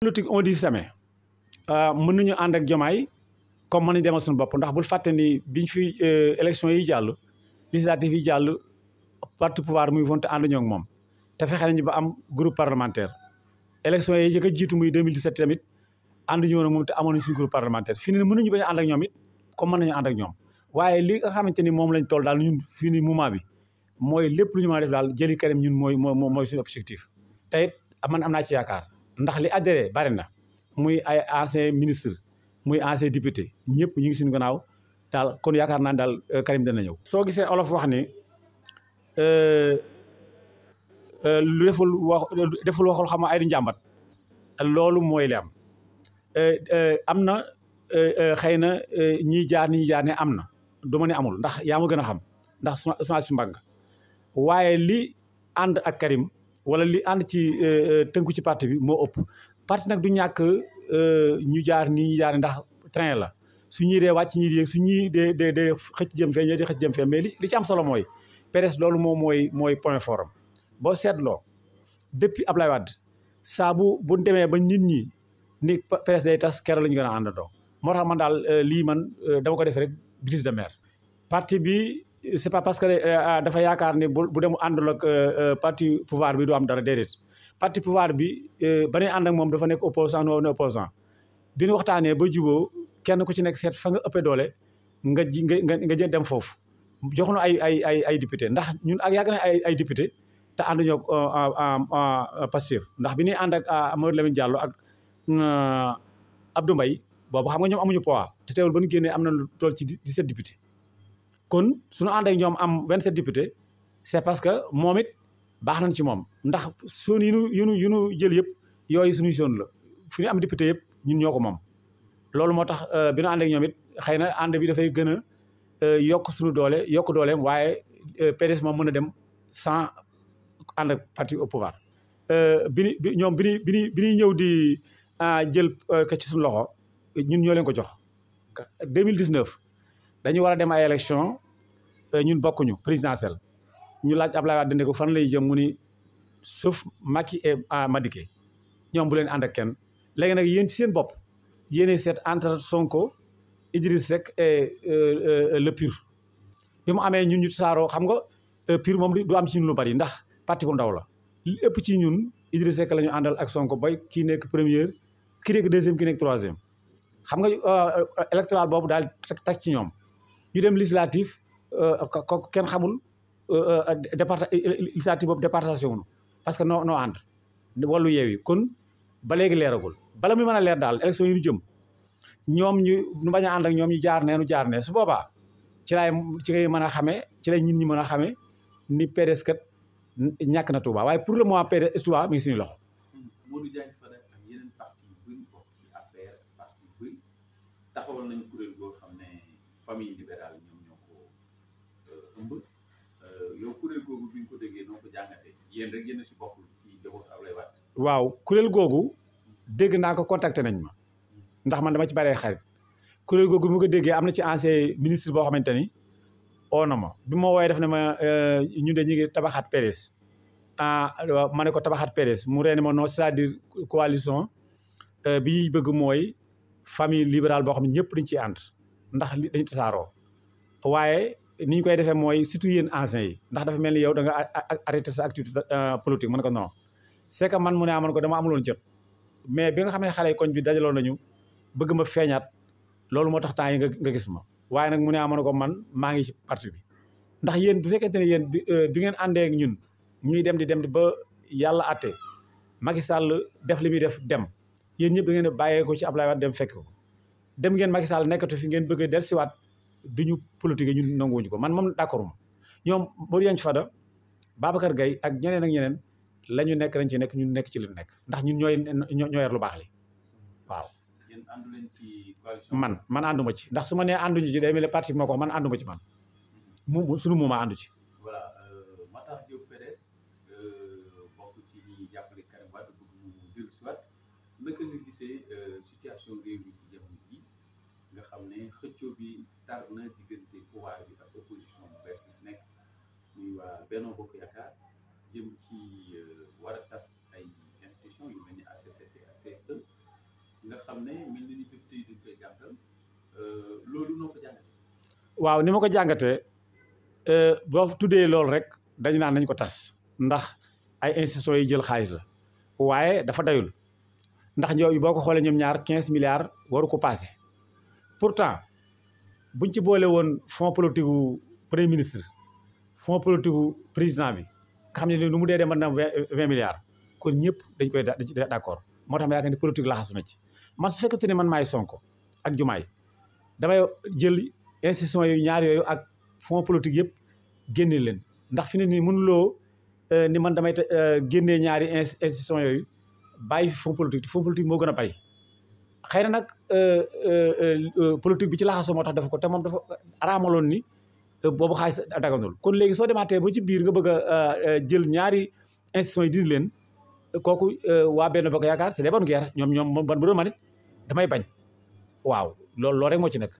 politique on dit jamais euh, mën nañu ànd ak jomaay comme mën nañu demal suñu bopp ndax bul fàtte ni biñ fi euh, élection yi jàll législative yi jàll parti pouvoir muy vonte ànduñoo ak moom te fexe nañu ba am groupe parlementaire élection yi yëkk a jiitu muy 2017 tamit ànduñoo ak moom te amoon nañu suñu groupe parlementaire fii nii mënuñu bañ a ànd ak ñoom it comme mën nañu ànd ak ñoom waaye li nga xamante ni moom lañ toll daal ñun fii nii moment bi mooy lépp lu ñu maa a def daal jëli Karim ñun mooy mooy mooy suñu objectif te it man am naa ci yaakaar ndax li adhéré bari na muy ay ancien ministre muy ancien député ñëpp ñu ngi suñu gannaaw daal kon yaakaar naa daal euh, Karim dana ñëw. soo gisee olof wax ni euh, euh, lu deful wax waxul xam ay du njàmbat loolu mooy li am am na xëy na ñiy jaar ñiy jaar ne am na doomane amul ndax yaa ma gën a xam ndax su ma su mbang waaye li ànd ak Karim. wala li ànd ci euh, euh, tënku ci parti bi moo ëpp parti nag du ñàkk euh, ñu jaar nii ñu jaar ndax train la su ñuy dee wàcc ñuy yéeg su ñuy dee dee dee xëcc jëm fee ñee di xëcc mais li ci am solo mooy PDS loolu moom mooy mooy point fort am boo seetloo depuis Ablaye Wade saa bu bu demee ba nit ñi ni PDS day tas keroog la ñu gën a àndandoo moo tax man daal lii man dama ko defee rek bitis de mer parti bi c'est pas parce que euh, euh, dafa yaakaar ne bu dem àndul ak euh, parti pouvoir bi du am dara déedéet parti pouvoir bi ba ñuy ànd ak moom dafa nekk opposant nu ne opposant bi ñu waxtaanee ba juboo kenn ku ci nekk seet fa nga ëppee doole nga ji nga nga jël dem foofu jox nu ay ay ay ay député ndax ñun ak yàgg na ay ay député te ànduñoo ak Pastef ndax bi ñuy ànd ak Mamadou la Diallo ak Abdou Mbaye boobu xam nga ñoom amuñu poids te teewul ba ñu génnee am na lu toll ci 17 député kon suñu ànd ak ñoom am 27 députés c'est parce que moomit it baax nañ ci moom ndax zone yi nu yu nu jël yëpp yooyu suñuy zone la fu ñu am député yëpp ñun ñoo ko moom. loolu moo tax euh, bi nu ak ñoom xëy na ànd bi dafay gën a euh, yokk suñu doole yokk waaye euh, PDS moom mën a dem sans ànd ak parti au pouvoir. bi bi ñuy ñëw di jël ko ci suñu loxo ñun ñoo leen ko jox 2019. dañu war a dem ay élection euh, ñun bokkuñu présidentielle ñu laaj Ablaye Wade ne ko fan lay jëm mu ni sëf Macky et ah, Madické ñoom bu leen ànd ak kenn léegi nag yéen ci seen bopp yéenay set entre Sonko Idriss Seck et euh, euh, le PUR bi mu amee ñun ñu saaroo xam nga PUR moom du am ci ñun lu bari ndax parti bu ndaw la ëpp ci ñun Idriss Seck la ñu àndal ak Sonko bay kii nekk première kii nekk deuxième kii nekk troisième xam nga électoral boobu daal tak ci ñoom ñu dem législative euh, kooku kenn xamul euh, euh, départ législative boobu départation parce que noo noo wallu wàllu yeewi kon ba léegi leeragul bala muy mën a leer daal élection yi ñu jëm ñoom ñu nu bañ a ànd ak ñoom ñu jaar nee nu jaar nee su boobaa ci laay ci ngay mën a xamee ci lay ñin ñi mën a xamee ni PDS kat ñàkk na Touba waaye pour le moment PDS Touba mi ngi suñu loxo. famille euh, euh, kuréel googu waaw kuréel googu dégg naa ko contacté nañ ma ndax man dama ci baree xarit kuréel googu mu ko déggee am na ci ancien ministre boo xamante ni na ma bi ma wooyee def na ma euh, ñu de ñu ngi tabaxaat PDS ah ma ne ko tabaxaat PDS mu reeni ma non cest coalition bi bëgg mooy famille libérale boo xam ne ñëpp dañ ciy ànd. ndax li dañu tasaaroo waaye ni ñu koy defee mooy surtout yéen anciens yi ndax dafa mel ni yow da nga arrêté sa activité euh, politique mën ko non c'est que man mu ne ah man ko dama loolu jot mais bi nga xam ne xale yi koñ bi dajaloo nañu bëgg ma feeñaat loolu moo tax temps yi nga gis ma waaye nag mu ne ah man ko man maa ngi ci parti bi ndax yéen bu fekkente ne yéen bi euh, ngeen àndee ak ñun ñuy dem di dem di ba yàlla àtte Macky Sall def li muy def dem yéen ñëpp da ngeen a bàyyee ko ci Ablaye dem fekk ko dem ngeen Macky Sall nekkatu fi ngeen bëgg a dellusiwaat ñu politique ñun nanguwuñu ko man moom d'accord moom ñoom Modiane Fada Babacar gay ak ñeneen ak ñeneen la ñu nekk lañ ci nekk ñu nekk ci li nekk ndax ñun ñooy ñoo yar lu baax li waaw. man man ànduma ci ndax su ma nee ànduñu ci day mel ne parti ko man ànduma ci man mu sunu mooma àndu ci. Euh, euh, ci gisee euh, situation réew mi ci jamono ji nga xam ne xëccoo bi tar na diggante pouvoir bi ak opposition bu Bokk Yaakaar jëm ci euh, war tas ay institution yu mel ni HCCT ak CSE nga xam ne mel na ni député yi dañ koy jàngal euh, ma ko jàngatee boo tuddee loolu rek dañu naan nañ ko tas ndax ay institutions yi jël xaalis la waaye dafa dayul. ndax yooyu boo ko xoolee ñoom ñaar quinze milliards waru ko passé pourtant buñ ci boole woon fon politique gu premier ministre fonds politique gu président bi ka xam ne lu mu dee dee na am 20 milliards kon ñëpp dañ koy d' accord moo tax ma ni politique laxasu na ci man su fekkee ne man maay Sonko ak Jumaay damay jël institution yu ñaar yooyu ak fonds politique yëpp génne leen ndax fi ne nii mënuloo euh, ni man damay euh, génnee ñaari institution yooyu. bàyyi fi fond politique fond politique moo gën a bay xëy na nag euh, euh, euh, politique bi ci laxasu moo tax def ko te moom dafa aramaloon ni boobu xaalis daganul kon léegi soo demaatee ba ci biir nga bëgg a jël ñaari institutions yi leen kooku waa benn bokk yaakaar c'est des bonnes guerres ñoom ñoom man bu doon man damay bañ waaw loolu loolu rek moo nekk